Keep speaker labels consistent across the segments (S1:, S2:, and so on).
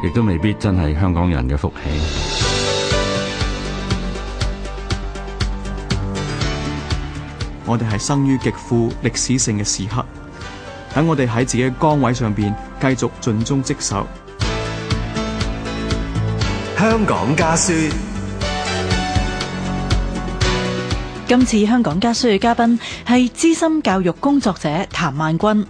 S1: 亦都未必真係香港人嘅福氣。我哋係生於極富歷史性嘅時刻，等我哋喺自己嘅崗位上邊繼續盡忠職守。香港家書，今次香港家書嘅嘉賓係資深教育工作者譚萬鈞。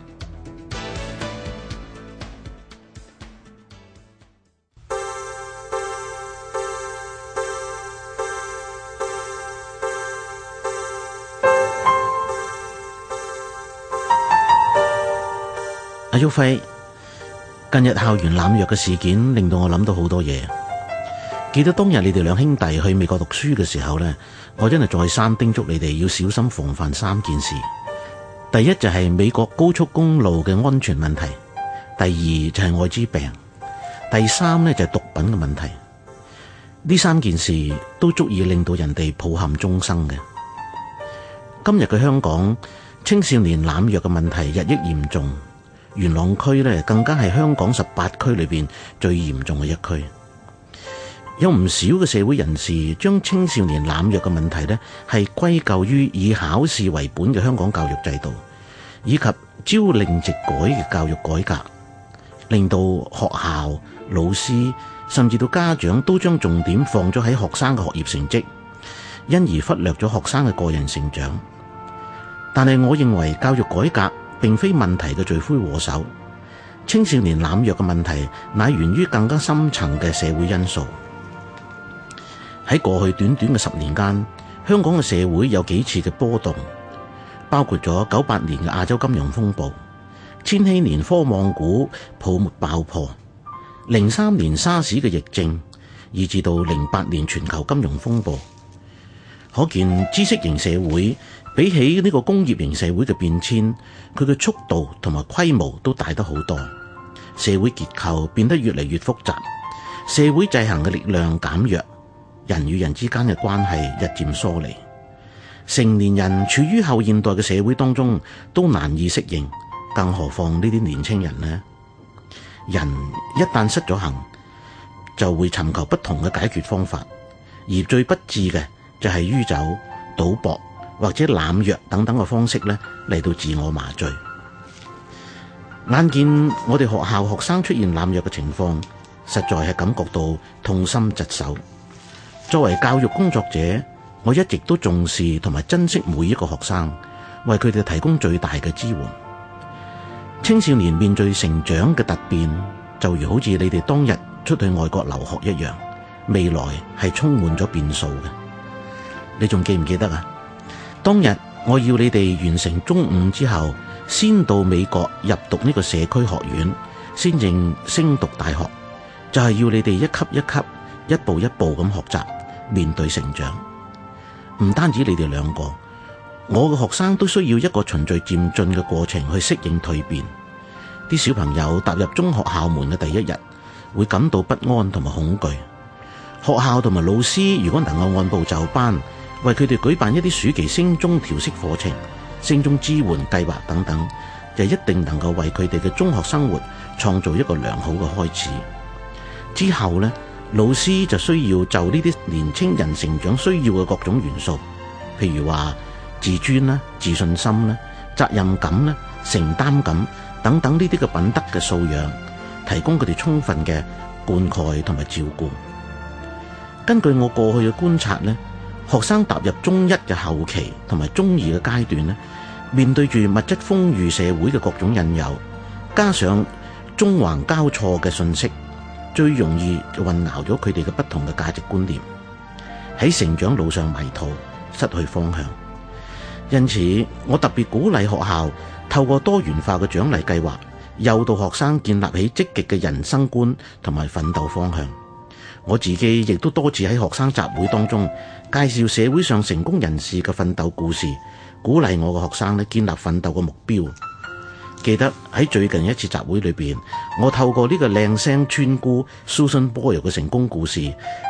S1: 耀輝，近日校園濫藥嘅事件令我想到我諗到好多嘢。記得當日你哋兩兄弟去美國讀書嘅時候咧，我真係再三叮囑你哋要小心防範三件事。第一就係美國高速公路嘅安全問題，第二就係愛滋病，第三咧就係毒品嘅問題。呢三件事都足以令到人哋抱憾終生嘅。今日嘅香港青少年濫藥嘅問題日益嚴重。元朗區咧更加係香港十八區裏邊最嚴重嘅一區，有唔少嘅社會人士將青少年濫藥嘅問題呢，係歸咎於以考試為本嘅香港教育制度以及朝令夕改嘅教育改革，令到學校老師甚至到家長都將重點放咗喺學生嘅學業成績，因而忽略咗學生嘅個人成長。但係我認為教育改革。並非問題嘅罪魁禍首，青少年濫藥嘅問題乃源於更加深層嘅社會因素。喺過去短短嘅十年間，香港嘅社會有幾次嘅波動，包括咗九八年嘅亞洲金融風暴、千禧年科網股泡沫爆破、零三年沙士嘅疫症，以至到零八年全球金融風暴。可見知識型社會。比起呢個工業型社會嘅變遷，佢嘅速度同埋規模都大得好多。社會結構變得越嚟越複雜，社會制衡嘅力量減弱，人與人之間嘅關係日漸疏離。成年人處於後現代嘅社會當中都難以適應，更何況呢啲年輕人呢？人一旦失咗行，就會尋求不同嘅解決方法，而最不智嘅就係酗酒賭博。或者濫藥等等嘅方式咧，嚟到自我麻醉。眼見我哋學校學生出現濫藥嘅情況，實在係感覺到痛心疾首。作為教育工作者，我一直都重視同埋珍惜每一個學生，為佢哋提供最大嘅支援。青少年面對成長嘅突變，就如好似你哋當日出去外國留學一樣，未來係充滿咗變數嘅。你仲記唔記得啊？當日我要你哋完成中五之後，先到美國入讀呢個社區學院，先認升讀大學，就係、是、要你哋一級一級、一步一步咁學習，面對成長。唔單止你哋兩個，我嘅學生都需要一個循序漸進嘅過程去適應蛻變。啲小朋友踏入中學校門嘅第一日，會感到不安同埋恐懼。學校同埋老師如果能夠按部就班。為佢哋舉辦一啲暑期升中調適課程、升中支援計劃等等，就一定能夠為佢哋嘅中學生活創造一個良好嘅開始。之後咧，老師就需要就呢啲年輕人成長需要嘅各種元素，譬如話自尊啦、自信心啦、責任感啦、承擔感等等呢啲嘅品德嘅素養，提供佢哋充分嘅灌溉同埋照顧。根據我過去嘅觀察咧。學生踏入中一嘅後期同埋中二嘅階段咧，面對住物質豐裕社會嘅各種引誘，加上中環交錯嘅信息，最容易混淆咗佢哋嘅不同嘅價值觀念，喺成長路上迷途，失去方向。因此，我特別鼓勵學校透過多元化嘅獎勵計劃，誘導學生建立起積極嘅人生觀同埋奮鬥方向。我自己亦都多次喺學生集會當中介紹社會上成功人士嘅奮鬥故事，鼓勵我嘅學生咧建立奮鬥嘅目標。記得喺最近一次集會裏邊，我透過呢個靚聲村姑 Susan Boyle 嘅成功故事，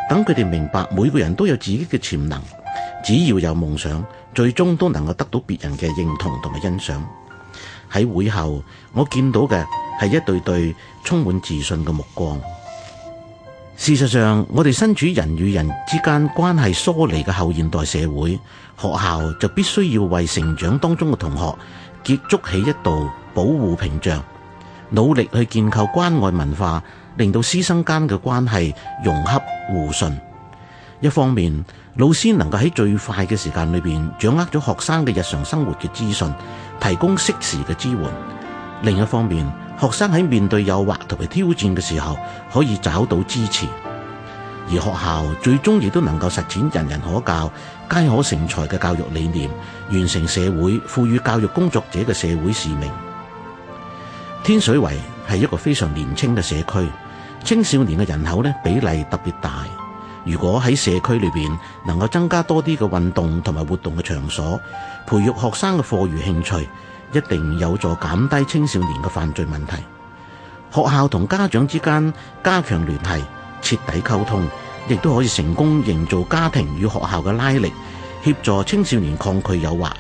S1: 等佢哋明白每個人都有自己嘅潛能，只要有夢想，最終都能夠得到別人嘅認同同埋欣賞。喺會後，我見到嘅係一對對充滿自信嘅目光。事實上，我哋身處人與人之間關係疏離嘅後現代社會，學校就必須要為成長當中嘅同學結築起一道保護屏障，努力去建構關愛文化，令到師生間嘅關係融洽互信。一方面，老師能夠喺最快嘅時間裏邊掌握咗學生嘅日常生活嘅資訊，提供適時嘅支援。另一方面，學生喺面對誘惑同埋挑戰嘅時候，可以找到支持，而學校最終亦都能夠實踐人人可教、皆可成才嘅教育理念，完成社會賦予教育工作者嘅社會使命。天水圍係一個非常年輕嘅社區，青少年嘅人口咧比例特別大。如果喺社區裏邊能夠增加多啲嘅運動同埋活動嘅場所，培育學生嘅課餘興趣。一定有助減低青少年嘅犯罪問題。學校同家長之間加強聯繫、徹底溝通，亦都可以成功營造家庭與學校嘅拉力，協助青少年抗拒誘惑、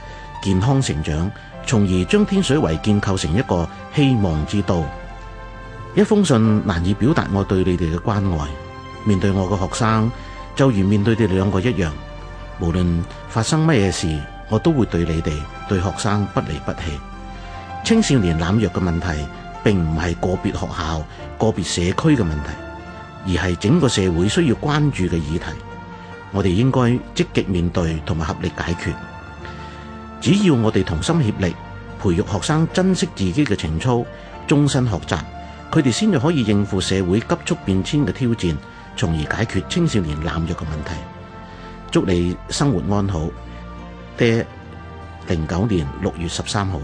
S1: 健康成長，從而將天水圍建構成一個希望之道。一封信難以表達我對你哋嘅關愛。面對我嘅學生，就如面對你哋兩個一樣，無論發生乜嘢事，我都會對你哋對學生不離不棄。青少年濫藥嘅問題並唔係個別學校、個別社區嘅問題，而係整個社會需要關注嘅議題，我哋應該積極面對同埋合力解決。只要我哋同心協力，培育學生珍惜自己嘅情操，終身學習，佢哋先至可以應付社會急速變遷嘅挑戰，從而解決青少年濫藥嘅問題。祝你生活安好。爹，零九年六月十三號。